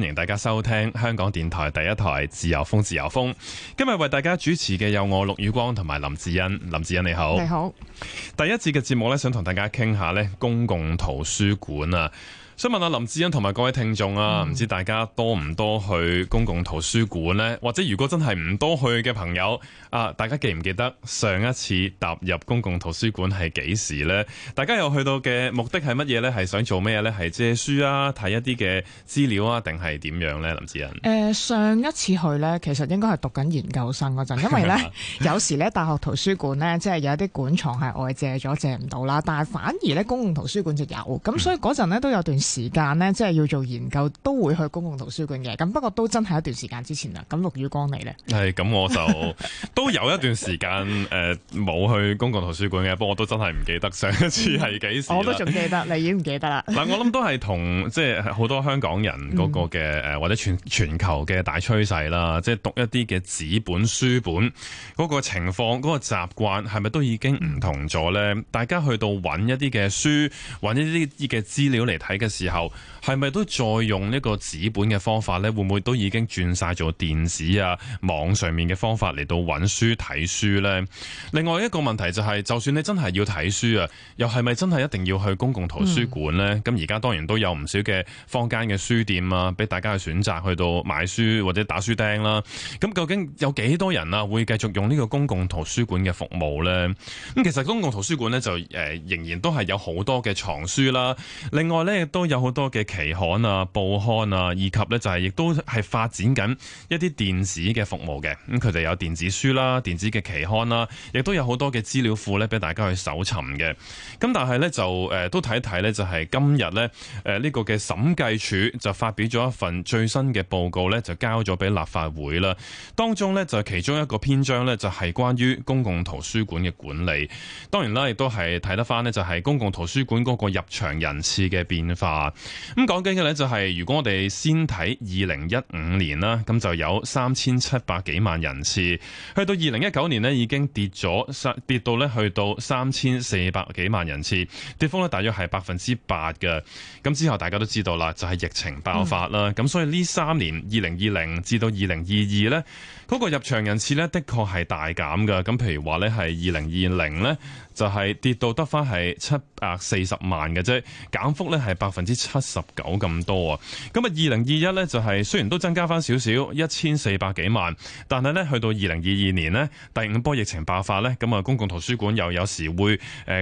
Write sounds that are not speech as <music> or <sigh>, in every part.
歡迎大家收聽香港電台第一台自由風自由風，今日為大家主持嘅有我陸宇光同埋林志恩。林志恩你好，你好。第一節嘅節目咧，想同大家傾下咧，公共圖書館啊。想問下林志恩同埋各位聽眾啊，唔知大家多唔多去公共圖書館呢？或者如果真係唔多去嘅朋友啊，大家記唔記得上一次踏入公共圖書館係幾時呢？大家有去到嘅目的係乜嘢呢？係想做咩呢？係借書啊，睇一啲嘅資料啊，定係點樣呢？林志恩，誒、呃，上一次去呢，其實應該係讀緊研究生嗰陣，因為呢， <laughs> 有時呢，大學圖書館呢，即係有一啲館藏係外借咗借唔到啦，但係反而呢，公共圖書館就有，咁所以嗰陣呢都有段。時間呢，即係要做研究，都會去公共圖書館嘅。咁不過都真係一段時間之前啦。咁陸宇光嚟咧，係咁我就 <laughs> 都有一段時間冇、 <laughs> 呃、去公共圖書館嘅。不過我都真係唔記得上一次係幾時、嗯。我都仲記得，你已經唔記得啦。嗱、嗯，我諗都係同即係好多香港人嗰個嘅 <laughs> 或者全全球嘅大趨勢啦，即、就、係、是、讀一啲嘅紙本書本嗰、那個情況，嗰、那個習慣係咪都已經唔同咗咧、嗯？大家去到揾一啲嘅書，揾一啲嘅資料嚟睇嘅時候係咪都再用呢個紙本嘅方法咧？會唔會都已經轉晒做電子啊，網上面嘅方法嚟到揾書睇書咧？另外一個問題就係、是，就算你真係要睇書啊，又係咪真係一定要去公共圖書館咧？咁而家當然都有唔少嘅坊間嘅書店啊，俾大家去選擇去到買書或者打書釘啦、啊。咁究竟有幾多人啊會繼續用呢個公共圖書館嘅服務咧？咁其實公共圖書館咧就誒、呃、仍然都係有好多嘅藏書啦。另外咧都。都有好多嘅期刊啊、報刊啊，以及咧就係、是、亦都係發展緊一啲電子嘅服務嘅。咁佢哋有電子書啦、啊、電子嘅期刊啦、啊，亦都有好多嘅資料庫咧俾大家去搜尋嘅。咁但係咧就誒都睇一睇咧，就係、呃就是、今日咧誒呢、呃這個嘅審計署就發表咗一份最新嘅報告咧，就交咗俾立法會啦。當中咧就其中一個篇章咧就係、是、關於公共圖書館嘅管理。當然啦，亦都係睇得翻咧就係、是、公共圖書館嗰個入場人次嘅變化。啊、就是，咁講緊嘅咧就係如果我哋先睇二零一五年啦，咁就有三千七百幾萬人次，去到二零一九年呢，已經跌咗，跌到咧去到三千四百幾萬人次，跌幅咧大約係百分之八嘅。咁之後大家都知道啦，就係、是、疫情爆發啦，咁、嗯、所以呢三年二零二零至到二零二二呢，嗰個入場人次呢，的確係大減㗎。咁譬如話呢，係二零二零呢。就係、是、跌到得翻係七百四十萬嘅啫，減幅咧係百分之七十九咁多啊！咁啊，二零二一呢，就係雖然都增加翻少少一千四百幾萬，但係呢去到二零二二年呢，第五波疫情爆發呢，咁啊公共圖書館又有時會誒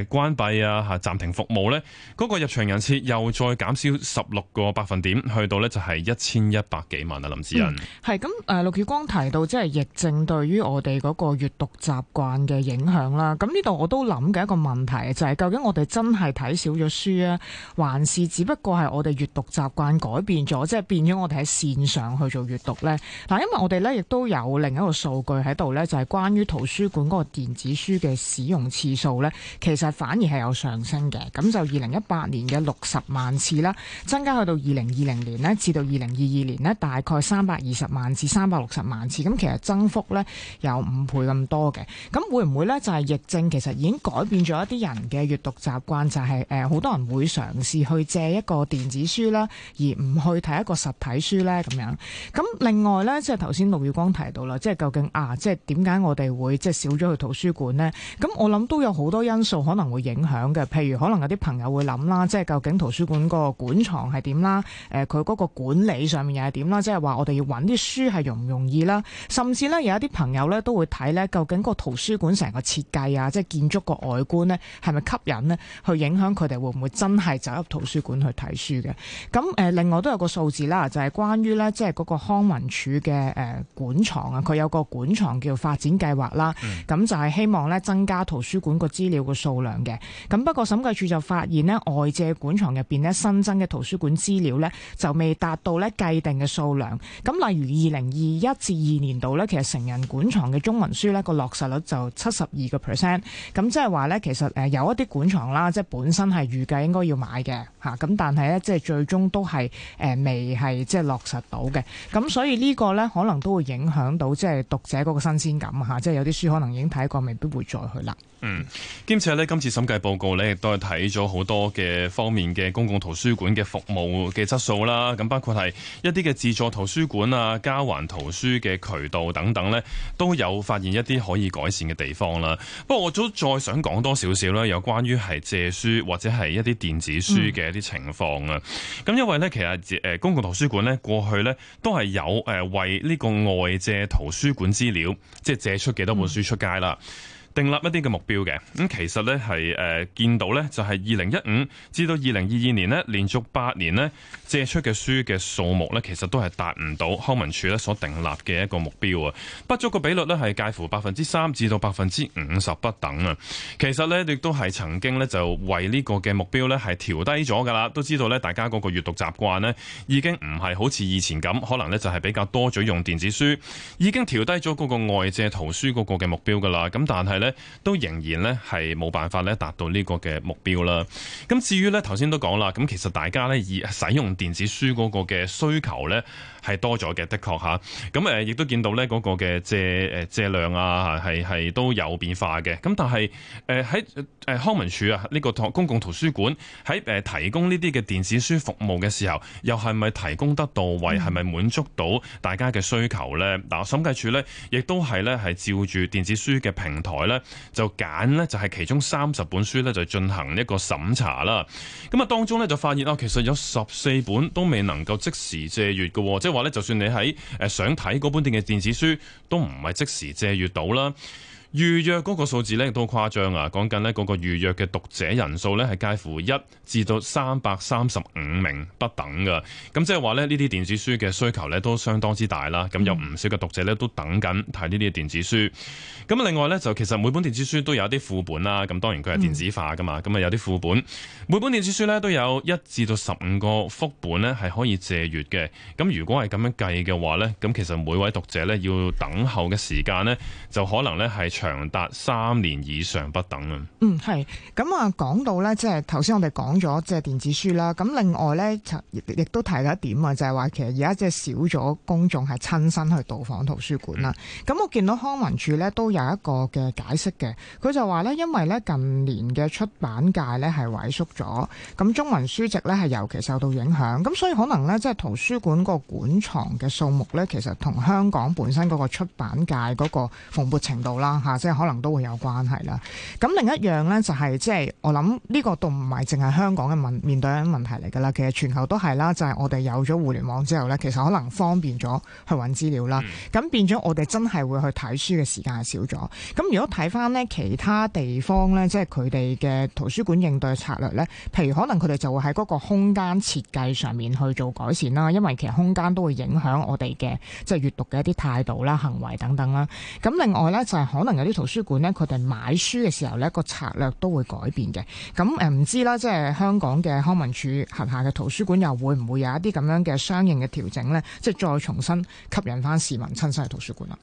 關閉啊嚇暫停服務呢。嗰個入場人次又再減少十六個百分點，去到呢就係一千一百幾萬啊！林子恩，係咁誒，陸、呃、月光提到即係疫症對於我哋嗰個閱讀習慣嘅影響啦，咁呢度我都諗。咁嘅一個問題就係究竟我哋真係睇少咗書啊，還是只不過係我哋閱讀習慣改變咗，即係變咗我哋喺線上去做閱讀呢？嗱，因為我哋咧亦都有另一個數據喺度，呢就係關於圖書館嗰個電子書嘅使用次數呢，其實反而係有上升嘅。咁就二零一八年嘅六十萬次啦，增加去到二零二零年呢，至到二零二二年呢，大概三百二十萬至三百六十萬次。咁其實增幅呢，有五倍咁多嘅。咁會唔會呢？就係疫症其實已經改變咗一啲人嘅閱讀習慣，就係誒好多人會嘗試去借一個電子書啦，而唔去睇一個實體書咧咁樣。咁另外咧，即係頭先陸耀光提到啦，即係究竟啊，即係點解我哋會即係少咗去圖書館呢？咁我諗都有好多因素可能會影響嘅，譬如可能有啲朋友會諗啦，即係究竟圖書館個館藏係點啦？誒、呃，佢嗰個管理上面又係點啦？即係話我哋要揾啲書係容唔容易啦？甚至咧有一啲朋友咧都會睇咧，究竟個圖書館成個設計啊，即係建築個外觀呢係咪吸引呢？去影響佢哋會唔會真係走入圖書館去睇書嘅？咁誒、呃，另外都有個數字啦，就係、是、關於呢，即係嗰個康文署嘅誒館藏啊，佢、呃、有個館藏叫發展計劃啦。咁、嗯、就係希望呢增加圖書館個資料嘅數量嘅。咁不過審計處就發現呢，外借館藏入邊呢新增嘅圖書館資料呢，就未達到呢既定嘅數量。咁例如二零二一至二年度呢，其實成人館藏嘅中文書呢個落實率就七十二個 percent。咁即係。話咧，其實誒有一啲館藏啦，即係本身係預計應該要買嘅。嚇咁，但係咧，即係最終都係誒未係即係落實到嘅。咁所以呢個呢，可能都會影響到即係讀者嗰個新鮮感嚇、啊，即係有啲書可能已經睇過，未必會再去啦。嗯，兼且呢，今次審計報告呢，亦都係睇咗好多嘅方面嘅公共圖書館嘅服務嘅質素啦。咁包括係一啲嘅自助圖書館啊、交還圖書嘅渠道等等呢，都有發現一啲可以改善嘅地方啦。不過我都再想講多少少啦，有關於係借書或者係一啲電子書嘅、嗯。啲情況啊，咁因為咧，其實誒公共圖書館咧，過去咧都係有誒為呢個外借圖書館資料，即係借出幾多本書出街啦，定立一啲嘅目標嘅，咁其實咧係誒見到咧就係二零一五至到二零二二年咧，連續八年咧借出嘅書嘅數目咧，其實都係達唔到康文署咧所定立嘅一個目標啊，不足嘅比率咧係介乎百分之三至到百分之五十不等啊。其實咧亦都係曾經咧就為呢個嘅目標咧係調低咗噶啦，都知道咧大家嗰個閲讀習慣咧已經唔係好似以前咁，可能咧就係比較多咗用電子書，已經調低咗嗰個外借圖書嗰個嘅目標噶啦。咁但係，都仍然咧係冇辦法咧達到呢個嘅目標啦。咁至於咧頭先都講啦，咁其實大家咧以使用電子書嗰個嘅需求咧係多咗嘅，的確吓，咁誒亦都見到咧嗰個嘅借誒借量啊，係係都有變化嘅。咁但係誒喺誒康文署啊，呢個圖公共圖書館，喺誒提供呢啲嘅電子書服務嘅時候，又係咪提供得到位？係咪滿足到大家嘅需求咧？嗱，審計署咧亦都係咧係照住電子書嘅平台咧。就揀呢，就係其中三十本書呢，就進行一個審查啦，咁啊當中呢，就發現其實有十四本都未能夠即時借閱嘅，即係話呢，就算你喺誒想睇嗰本電嘅電子書都唔係即時借閱到啦。預約嗰個數字呢，亦都好誇張啊！講緊呢個個預約嘅讀者人數呢，係介乎一至到三百三十五名不等㗎。咁即係話呢啲電子書嘅需求呢，都相當之大啦。咁有唔少嘅讀者呢，都等緊睇呢啲電子書。咁另外呢，就其實每本電子書都有啲副本啦。咁當然佢係電子化噶嘛。咁啊有啲副本，每本電子書呢，都有一至到十五個副本呢，係可以借閱嘅。咁如果係咁樣計嘅話呢，咁其實每位讀者呢，要等候嘅時間呢，就可能呢係長達三年以上不等啊！嗯，係咁啊，講到咧，即係頭先我哋講咗即係電子書啦。咁另外咧，就亦都提咗一點啊，就係話其實而家即係少咗公眾係親身去到訪圖書館啦。咁、嗯、我見到康文署咧，都有一個嘅解釋嘅。佢就話咧，因為咧近年嘅出版界咧係萎縮咗，咁中文書籍咧係尤其受到影響。咁所以可能咧，即係圖書館個館藏嘅數目咧，其實同香港本身嗰個出版界嗰個蓬勃程度啦，吓。即係可能都會有關係啦。咁另一樣咧，就係即係我諗呢個都唔係淨係香港嘅問面對緊問題嚟㗎啦。其實全球都係啦，就係、是、我哋有咗互聯網之後咧，其實可能方便咗去揾資料啦。咁變咗我哋真係會去睇書嘅時間係少咗。咁如果睇翻咧，其他地方咧，即係佢哋嘅圖書館應對策略咧，譬如可能佢哋就會喺嗰個空間設計上面去做改善啦。因為其實空間都會影響我哋嘅即係閱讀嘅一啲態度啦、行為等等啦。咁另外咧就係、是、可能。啲圖書館呢，佢哋買書嘅時候呢，個策略都會改變嘅。咁誒唔知啦，即係香港嘅康文署轄下嘅圖書館又會唔會有一啲咁樣嘅相應嘅調整呢？即係再重新吸引翻市民親身去圖書館啦。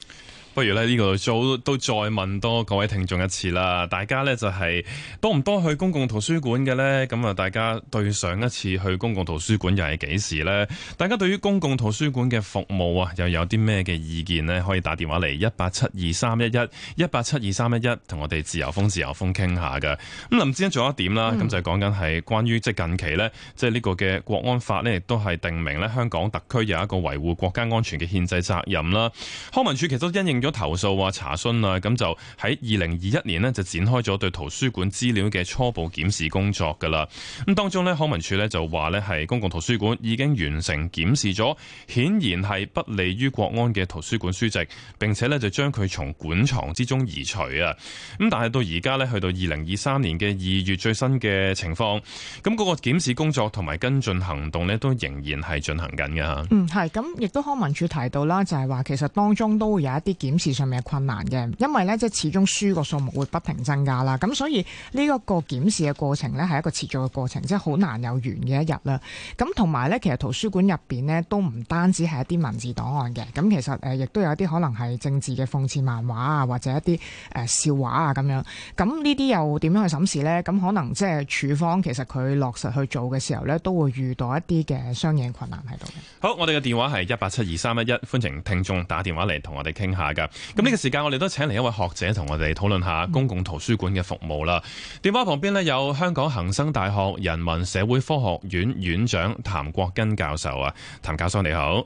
不如呢，呢個早都再問多各位聽眾一次啦。大家呢，就係多唔多去公共圖書館嘅呢？咁啊，大家對上一次去公共圖書館又係幾時呢？大家對於公共圖書館嘅服務啊，又有啲咩嘅意見呢？可以打電話嚟一八七二三一一一。八七二三一一同我哋自由風自由風傾下嘅。咁林先生仲，有一點啦，咁、嗯、就講緊係關於即係近期咧，即係呢個嘅國安法咧，亦都係定明咧香港特區有一個維護國家安全嘅憲制責任啦。康文署其實都因應咗投訴啊查詢啊，咁就喺二零二一年咧就展開咗對圖書館資料嘅初步檢視工作噶啦。咁當中咧康文署咧就話咧係公共圖書館已經完成檢視咗，顯然係不利於國安嘅圖書館書籍，並且咧就將佢從館藏之中。移除啊！咁但係到而家咧，去到二零二三年嘅二月最新嘅情況，咁、那、嗰個檢視工作同埋跟進行動呢都仍然係進行緊㗎。嗯，係咁，亦都康文署提到啦，就係、是、話其實當中都會有一啲檢視上面嘅困難嘅，因為呢即係始終書個數目會不停增加啦，咁所以呢一個檢視嘅過程呢，係一個持續嘅過程，即係好難有完嘅一日啦。咁同埋呢，其實圖書館入邊呢，都唔單止係一啲文字檔案嘅，咁其實誒亦都有一啲可能係政治嘅諷刺漫畫啊，或者一啲誒笑話啊，咁樣咁呢啲又點樣去審視呢？咁可能即係處方，其實佢落實去做嘅時候呢，都會遇到一啲嘅相應困難喺度。好，我哋嘅電話係一八七二三一一，歡迎聽眾打電話嚟同我哋傾下噶。咁呢個時間，我哋都請嚟一位學者同我哋討論下公共圖書館嘅服務啦。電話旁邊呢，有香港恒生大學人文社會科學院院長譚國根教授啊，譚教授你好。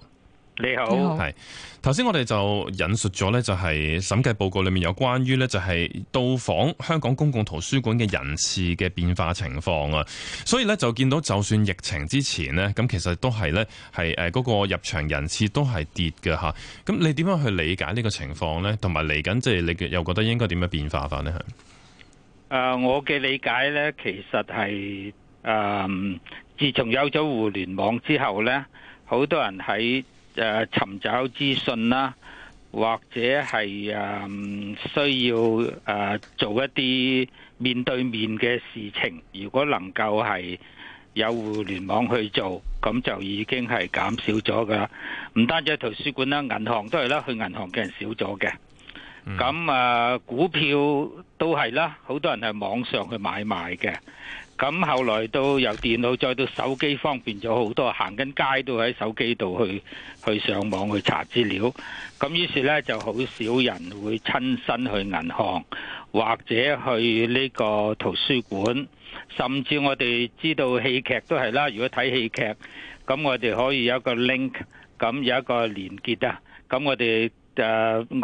你好，係頭先我哋就引述咗呢就係審計報告裏面有關於呢就係到訪香港公共圖書館嘅人次嘅變化情況啊。所以呢，就見到，就算疫情之前呢，咁其實都係呢係誒嗰個入場人次都係跌嘅吓。咁你點樣去理解呢個情況呢？同埋嚟緊即係你又覺得應該點樣變化法呢？誒、呃，我嘅理解呢，其實係誒、呃、自從有咗互聯網之後呢，好多人喺。誒、啊、尋找資訊啦，或者係誒、嗯、需要誒、啊、做一啲面對面嘅事情，如果能夠係有互聯網去做，咁就已經係減少咗㗎啦。唔單止圖書館啦，銀行都係啦，去銀行嘅人少咗嘅。咁啊，股票都係啦，好多人係網上去買賣嘅。咁後來都由電腦再到手機方便咗好多，行緊街都喺手機度去去上網去查資料。咁於是咧就好少人會親身去銀行或者去呢個圖書館，甚至我哋知道戲劇都係啦。如果睇戲劇，咁我哋可以有一個 link，咁有一個連結啊。咁我哋就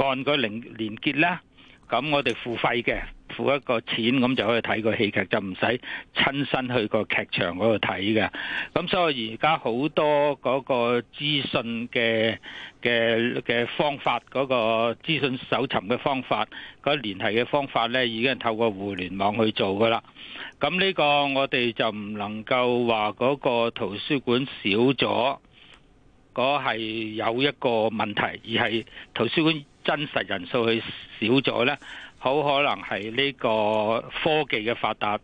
按個連連結啦，咁我哋付費嘅。付一個錢咁就可以睇個戲劇，就唔使親身去個劇場嗰度睇嘅。咁所以而家好多嗰個資訊嘅嘅嘅方法，嗰個資訊搜尋嘅方法，嗰個聯繫嘅方法呢，已經係透過互聯網去做噶啦。咁呢個我哋就唔能夠話嗰個圖書館少咗，嗰係有一個問題，而係圖書館真實人數去少咗呢。好可能係呢個科技嘅發達，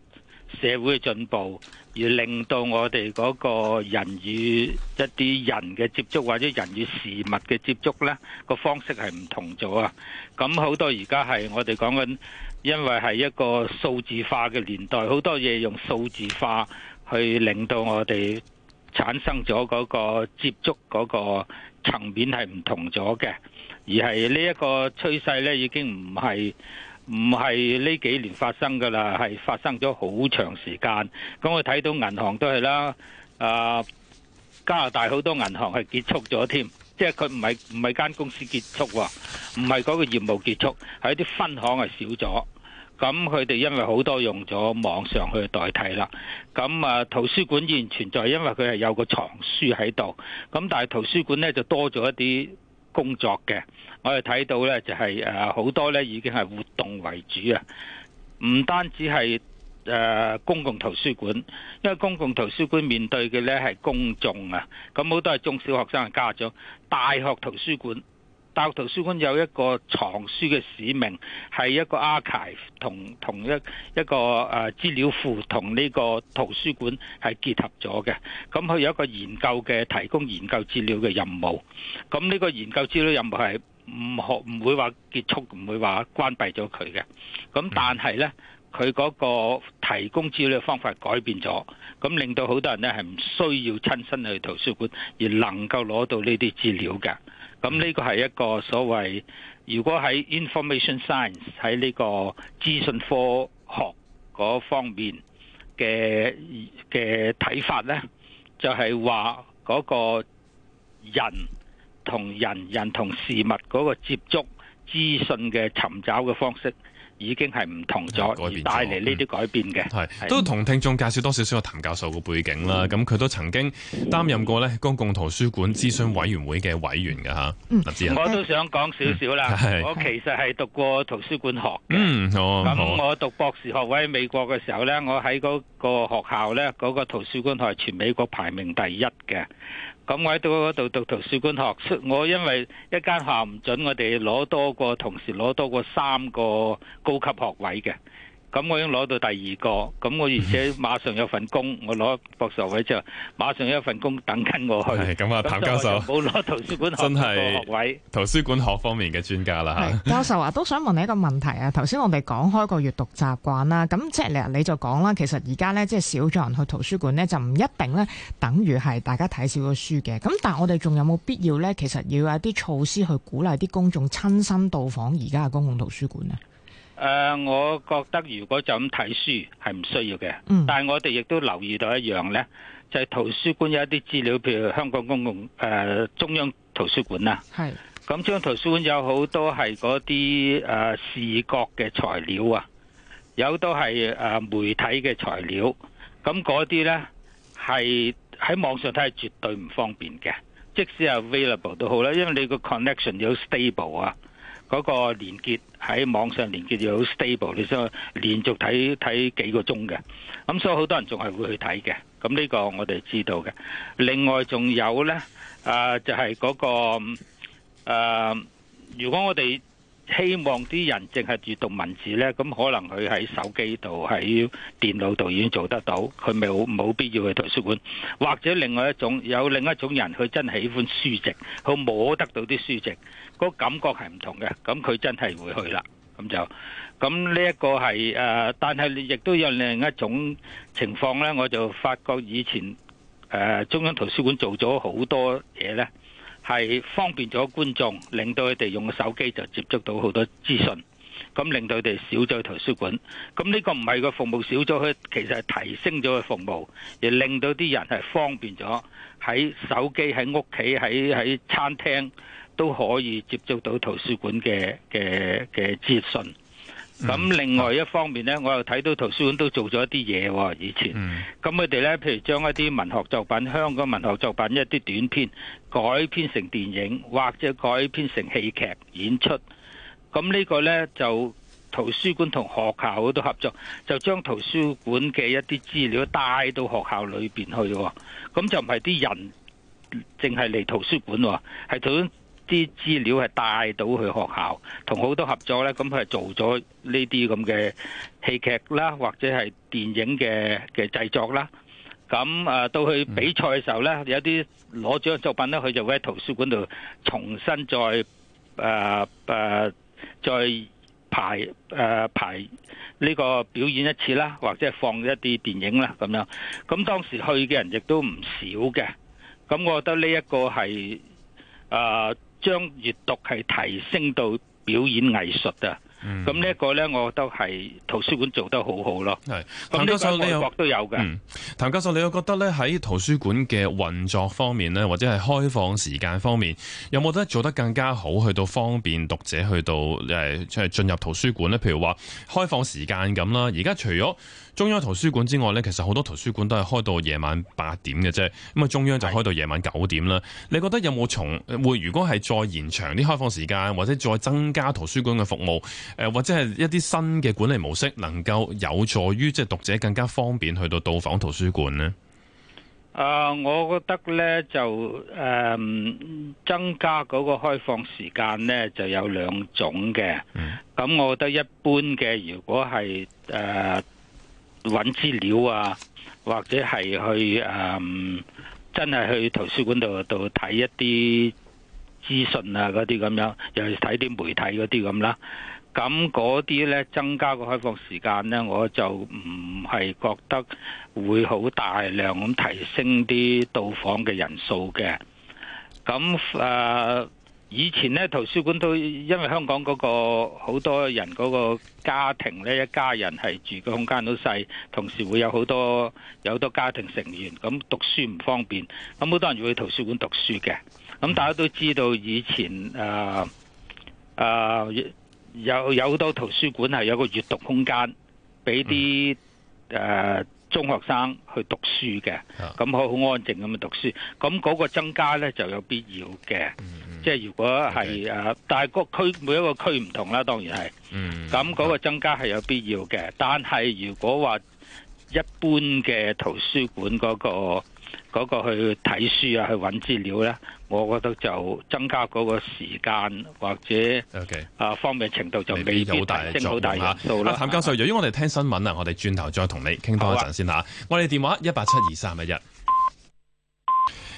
社會嘅進步，而令到我哋嗰個人與一啲人嘅接觸，或者人與事物嘅接觸咧，個方式係唔同咗啊！咁好多而家係我哋講緊，因為，係一個數字化嘅年代，好多嘢用數字化去令到我哋產生咗嗰個接觸嗰個層面係唔同咗嘅。而係呢一個趨勢咧，已經唔係唔係呢幾年發生噶啦，係發生咗好長時間。咁我睇到銀行都係啦，啊加拿大好多銀行係結束咗添，即係佢唔係唔係間公司結束，唔係嗰個業務結束，係一啲分行係少咗。咁佢哋因為好多用咗網上去代替啦。咁啊圖書館依然存在，因為佢係有個藏書喺度。咁但係圖書館咧就多咗一啲工作嘅，我哋睇到呢就係誒好多呢已經係活動為主啊，唔單止係誒公共圖書館，因為公共圖書館面對嘅呢係公眾啊，咁好多係中小學生嘅家長，大學圖書館。大學圖書館有一個藏書嘅使命，係一個 archive 同同一一個誒資料庫同呢個圖書館係結合咗嘅。咁佢有一個研究嘅提供研究資料嘅任務。咁呢個研究資料任務係唔學唔會話結束，唔會話關閉咗佢嘅。咁但係呢，佢嗰個提供資料嘅方法改變咗，咁令到好多人呢係唔需要親身去圖書館而能夠攞到呢啲資料嘅。咁呢個係一個所謂，如果喺 information science 喺呢個資訊科學嗰方面嘅嘅睇法咧，就係話嗰個人同人、人同事物嗰個接觸資訊嘅尋找嘅方式。已經係唔同咗，而帶嚟呢啲改變嘅。係、嗯、都同聽眾介紹多少少阿譚教授嘅背景啦。咁、嗯、佢都曾經擔任過咧公共圖書館諮詢委員會嘅委員㗎吓、嗯啊。我都想講少少啦、嗯。我其實係讀過圖書館學，咁、嗯、我讀博士學位喺美國嘅時候呢，我喺嗰個學校呢，嗰、嗰個圖書館係全美國排名第一嘅。咁我喺度嗰度讀圖書館學，我因為一間校唔准，我哋攞多個同時攞多個三個高級學位嘅。咁我已經攞到第二個，咁我而且馬上有份工、嗯，我攞博士位之後，馬上有份工等緊我去。咁、okay，啊、嗯，譚教授冇攞到圖書館學個位，學位，圖書館學方面嘅專家啦嚇。教授啊， <laughs> 都想問你一個問題啊。頭先我哋講開個閱讀習慣啦，咁即係你就講啦，其實而家呢，即係少咗人去圖書館呢，就唔一定呢等於係大家睇少咗書嘅。咁但係我哋仲有冇必要呢？其實要有啲措施去鼓勵啲公眾親身到訪而家嘅公共圖書館啊？誒、uh，我覺得如果就咁睇書係唔需要嘅，mm，但係我哋亦都留意到一樣呢，就係、是、圖書館有一啲資料，譬如香港公共誒、uh, 中央圖書館啊，係咁中央圖書館有好多係嗰啲誒視覺嘅材料啊，有都係誒、uh, 媒體嘅材料，咁嗰啲呢，係喺網上睇係絕對唔方便嘅，即使係 available 都好啦，因為你個 connection 有 stable 啊。嗰、那個連結喺網上連結就好 stable，你想連續睇睇幾個鐘嘅，咁所以好多人仲係會去睇嘅。咁呢個我哋知道嘅。另外仲有呢，啊就係、是、嗰、那個、啊、如果我哋希望啲人淨係閱讀文字呢，咁可能佢喺手機度、喺電腦度已經做得到，佢咪冇冇必要去圖書館？或者另外一種，有另一種人，佢真係喜歡書籍，佢摸得到啲書籍，個感覺係唔同嘅，咁佢真係會去啦。咁就咁呢一個係誒，但係亦都有另一種情況呢，我就發覺以前誒中央圖書館做咗好多嘢呢。係方便咗觀眾，令到佢哋用手機就接觸到好多資訊，咁令到佢哋少咗圖書館。咁呢個唔係個服務少咗，佢其實係提升咗個服務，亦令到啲人係方便咗喺手機、喺屋企、喺喺餐廳都可以接觸到圖書館嘅嘅嘅資訊。咁、嗯、另外一方面呢，我又睇到圖書館都做咗一啲嘢喎，以前。咁佢哋呢，譬如將一啲文學作品、香港文學作品一啲短篇改編成電影，或者改編成戲劇演出。咁呢個呢，就圖書館同學校都合作，就將圖書館嘅一啲資料帶到學校裏邊去、哦。咁就唔係啲人，淨係嚟圖書館喎、哦，係圖。啲資料係帶到去學校，同好多合作呢，咁佢係做咗呢啲咁嘅戲劇啦，或者係電影嘅嘅製作啦。咁啊，到去比賽嘅時候呢，有啲攞咗個作品呢，佢就會喺圖書館度重新再誒誒、呃呃、再排、呃、排呢個表演一次啦，或者係放一啲電影啦咁樣，咁當時去嘅人亦都唔少嘅。咁我覺得呢一個係啊。呃將閱讀係提升到表演藝術啊！咁呢一個呢，我覺得係圖書館做得好好咯。係，咁呢個外國有都有嘅。嗯，譚教授，你又覺得呢？喺圖書館嘅運作方面呢，或者係開放時間方面，有冇得做得更加好，去到方便讀者去到誒，即係進入圖書館呢？譬如話開放時間咁啦，而家除咗中央圖書館之外呢，其實好多圖書館都係開到夜晚八點嘅啫。咁啊，中央就開到夜晚九點啦。你覺得有冇從會？如果係再延長啲開放時間，或者再增加圖書館嘅服務，誒，或者係一啲新嘅管理模式，能夠有助於即係讀者更加方便去到到訪圖書館呢？啊、呃，我覺得呢，就誒、呃、增加嗰個開放時間呢，就有兩種嘅。咁、嗯、我覺得一般嘅，如果係誒。呃揾資料啊，或者係去誒、呃，真係去圖書館度度睇一啲資訊啊，嗰啲咁樣，又去睇啲媒體嗰啲咁啦。咁嗰啲呢，增加個開放時間呢，我就唔係覺得會好大量咁提升啲到訪嘅人數嘅。咁誒。呃以前咧，圖書館都因為香港嗰個好多人嗰個家庭咧，一家人係住嘅空間都細，同時會有好多有好多家庭成員咁讀書唔方便，咁好多人要去圖書館讀書嘅。咁大家都知道以前誒誒、呃呃、有有好多圖書館係有個閲讀空間，俾啲誒中學生去讀書嘅，咁好好安靜咁樣讀書，咁嗰個增加咧就有必要嘅。即係如果係誒，okay. 但係個區每一個區唔同啦，當然係。咁、嗯、嗰個增加係有必要嘅，但係如果話一般嘅圖書館嗰、嗰個嗰個去睇書啊，去揾資料呢，我覺得就增加嗰個時間或者啊方便程度就未必好大。好、okay. 大作用嚇。譚教授，由於我哋聽新聞啊，我哋轉頭再同你傾多一陣先嚇。我哋電話一八七二三一一。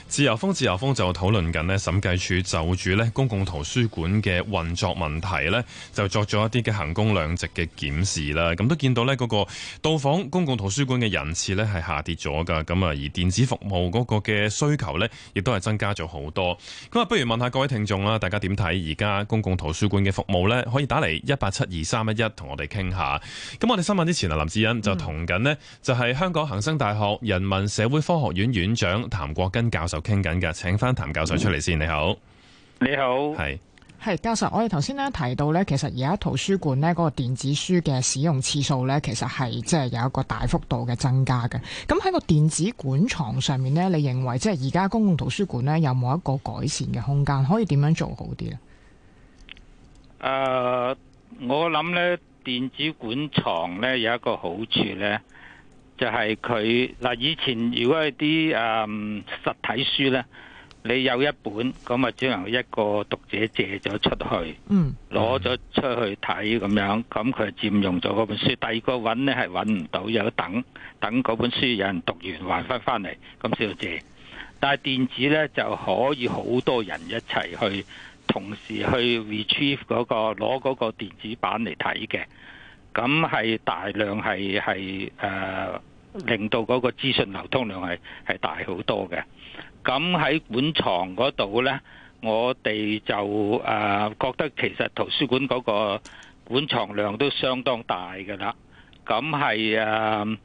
自由風，自由風就討論緊呢審計署就住呢公共圖書館嘅運作問題呢，就作咗一啲嘅衡工量值嘅檢視啦。咁都見到呢嗰個到訪公共圖書館嘅人次呢係下跌咗噶。咁啊，而電子服務嗰個嘅需求呢，亦都係增加咗好多。咁啊，不如問下各位聽眾啊，大家點睇而家公共圖書館嘅服務呢，可以打嚟一八七二三一一同我哋傾下。咁我哋新聞之前啊，林志欣就同緊呢，就係香港恒生大學人文社會科學院院長譚國根教授。傾緊噶，請翻譚教授出嚟先。你好，你好，係係教授，我哋頭先咧提到咧，其實而家圖書館咧嗰個電子書嘅使用次數咧，其實係即係有一個大幅度嘅增加嘅。咁喺個電子館藏上面咧，你認為即係而家公共圖書館咧有冇一個改善嘅空間？可以點樣做好啲咧？誒，uh，我諗咧電子館藏咧有一個好處咧。就係佢嗱，以前如果係啲誒實體書呢，你有一本咁啊，只能一個讀者借咗出去，攞咗出去睇咁樣，咁佢佔用咗嗰本書。第二個揾咧係揾唔到，要等等嗰本書有人讀完還翻翻嚟，咁先到借。但係電子呢，就可以好多人一齊去，同時去 retrieve 嗰個攞嗰個電子版嚟睇嘅，咁係大量係係誒。令到嗰個資訊流通量係係大好多嘅，咁喺館藏嗰度咧，我哋就誒覺得其實圖書館嗰個館藏量都相當大噶啦。咁係誒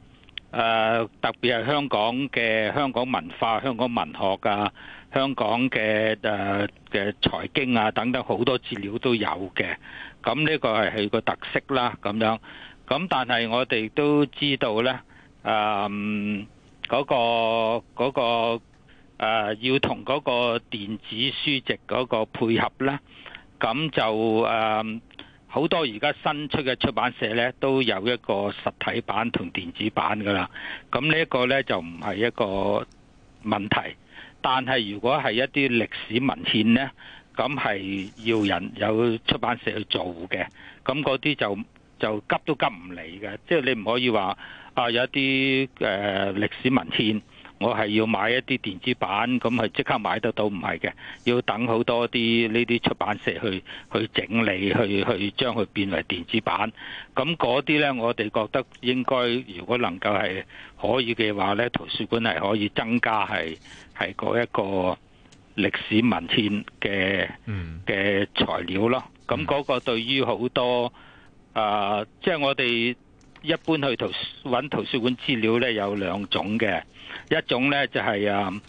誒特別係香港嘅香港文化、香港文學啊，香港嘅誒嘅財經啊等等好多資料都有嘅。咁呢個係佢個特色啦，咁樣。咁但係我哋都知道咧。誒、嗯，嗰、那個嗰、那個誒、呃，要同嗰個電子書籍嗰個配合啦。咁就誒好、嗯、多而家新出嘅出版社呢，都有一個實體版同電子版噶啦。咁呢一個呢就唔係一個問題，但係如果係一啲歷史文獻呢，咁係要人有出版社去做嘅。咁嗰啲就就急都急唔嚟嘅，即、就、係、是、你唔可以話。啊！有一啲誒、呃、歷史文獻，我係要買一啲電子版，咁係即刻買得到唔係嘅，要等好多啲呢啲出版社去去整理，去去將佢變為電子版。咁嗰啲呢，我哋覺得應該如果能夠係可以嘅話呢，圖書館係可以增加係係嗰一個歷史文獻嘅嘅、嗯、材料咯。咁嗰個對於好多啊、呃，即係我哋。一般去圖揾圖書館資料呢，有兩種嘅，一種呢，就係誒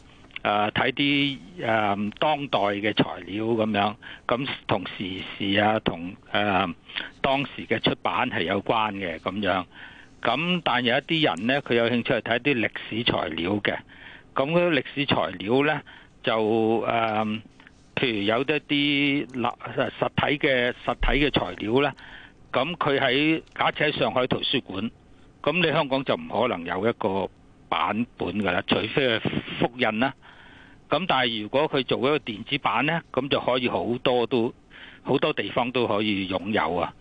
誒睇啲誒當代嘅材料咁樣，咁同時事啊，同誒、呃、當時嘅出版係有關嘅咁樣。咁但有一啲人呢，佢有興趣係睇啲歷史材料嘅。咁嗰啲歷史材料呢，就誒、呃、譬如有一啲立實體嘅實體嘅材料呢。咁佢喺假設喺上海圖書館，咁你香港就唔可能有一個版本㗎啦，除非係複印啦。咁但係如果佢做一個電子版呢，咁就可以好多都好多地方都可以擁有啊。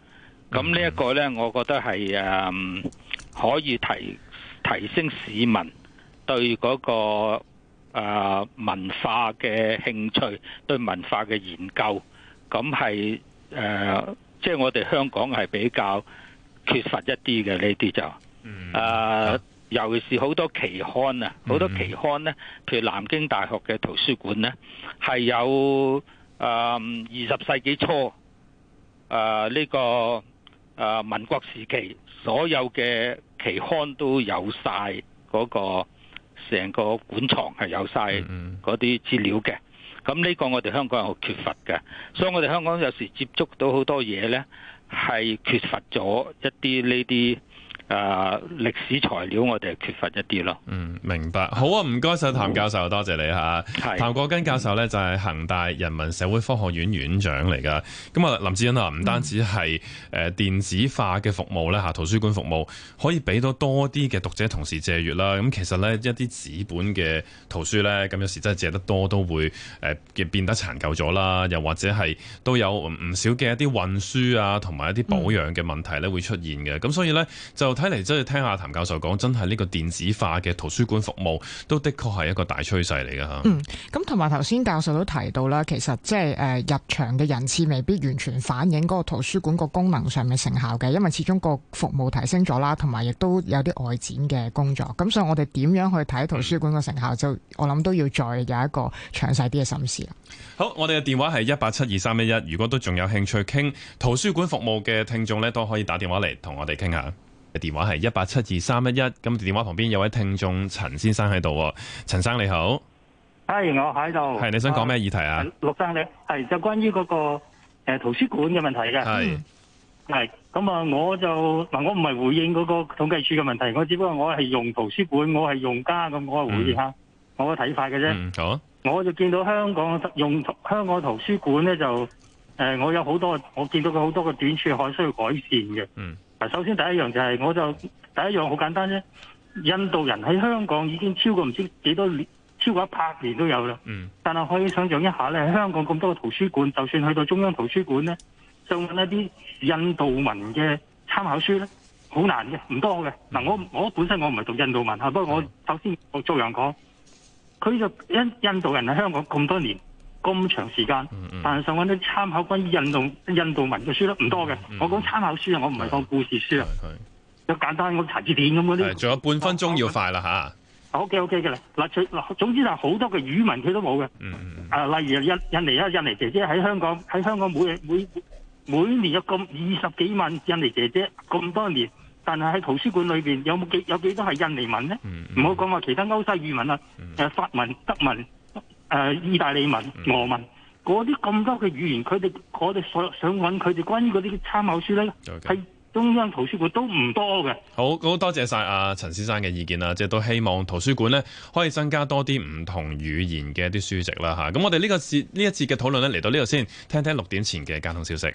咁呢一個呢，我覺得係誒可以提提升市民對嗰個誒文化嘅興趣，對文化嘅研究，咁係誒。即係我哋香港係比較缺乏一啲嘅呢啲就、呃嗯，尤其是好多期刊啊，好多期刊呢，譬如南京大學嘅圖書館呢，係有二十、呃、世紀初呢、呃呢個、呃、民國時期所有嘅期刊都有曬嗰、嗰個成個館藏係有曬嗰啲資料嘅。咁呢個我哋香港人好缺乏嘅，所以我哋香港有時接觸到好多嘢咧，係缺乏咗一啲呢啲。誒、啊，歷史材料我哋缺乏一啲咯。嗯，明白。好啊，唔該晒譚教授，多謝你吓。係譚國根教授呢，就係、是、恒大人文社會科學院院長嚟噶。咁啊，林志恩啊，唔單止係誒電子化嘅服務咧吓、嗯，圖書館服務可以俾到多啲嘅讀者同時借閱啦。咁其實呢，一啲紙本嘅圖書呢，咁有時真係借得多都會誒變得殘舊咗啦，又或者係都有唔少嘅一啲運輸啊，同埋一啲保養嘅問題咧會出現嘅。咁、嗯、所以呢。就睇嚟真係聽下譚教授講，真係呢個電子化嘅圖書館服務都的確係一個大趨勢嚟㗎吓。嗯，咁同埋頭先教授都提到啦，其實即係誒入場嘅人次未必完全反映嗰個圖書館個功能上面成效嘅，因為始終個服務提升咗啦，同埋亦都有啲外展嘅工作。咁所以我哋點樣去睇圖書館個成效，嗯、就我諗都要再有一個詳細啲嘅審視啦。好，我哋嘅電話係一八七二三一一，如果都仲有興趣傾圖書館服務嘅聽眾呢，都可以打電話嚟同我哋傾下。電話係一八七二三一一，咁電話旁邊有位聽眾陳先生喺度，陳生你好，係我喺度，係你想講咩議題啊？陸生你係就關於嗰、那個誒、呃、圖書館嘅問題嘅，係、mm.，係，咁啊，我就嗱我唔係回應嗰個統計處嘅問題，我只不過我係用圖書館，我係用家咁我係回應下、mm. 我嘅睇法嘅啫，好、mm. oh.，我就見到香港用，用香港圖書館咧就誒、呃，我有好多我見到佢好多個短處，係需要改善嘅，嗯、mm.。嗱，首先第一樣就係、是、我就第一樣好簡單啫。印度人喺香港已經超過唔知幾多年，超過一百年都有啦。嗯。但係可以想象一下咧，香港咁多嘅圖書館，就算去到中央圖書館咧，就揾一啲印度文嘅參考書咧，好難嘅，唔多嘅。嗱、嗯，我我本身我唔係讀印度文吓，不過我首先我做樣講，佢就因印度人喺香港咁多年。咁長時間、嗯，但係想揾啲參考關於印度、印度文嘅書咧，唔多嘅。我講參考書啊，我唔係講故事書啊，有簡單個查字典咁嗰啲。仲有半分鐘要快、啊啊啊、okay, okay 啦 o k o k 嘅啦。嗱，總之就好多嘅語文佢都冇嘅、嗯。啊，例如印印尼啊，印尼姐姐喺香港，喺香港每每每年有咁二十幾萬印尼姐姐，咁多年，但係喺圖書館裏面有有，有冇幾有幾多係印尼文咧？唔好講話其他歐西語文啦，誒、嗯啊、法文、德文、誒，意大利文、俄文嗰啲咁多嘅語言，佢哋我哋想想揾佢哋關於嗰啲參考書呢？係、okay. 中央圖書館都唔多嘅。好好多謝晒阿、啊、陳先生嘅意見啦，即係都希望圖書館呢可以增加多啲唔同語言嘅一啲書籍啦嚇。咁我哋呢、呢個呢節呢一次嘅討論呢，嚟到呢度先，聽聽六點前嘅交通消息。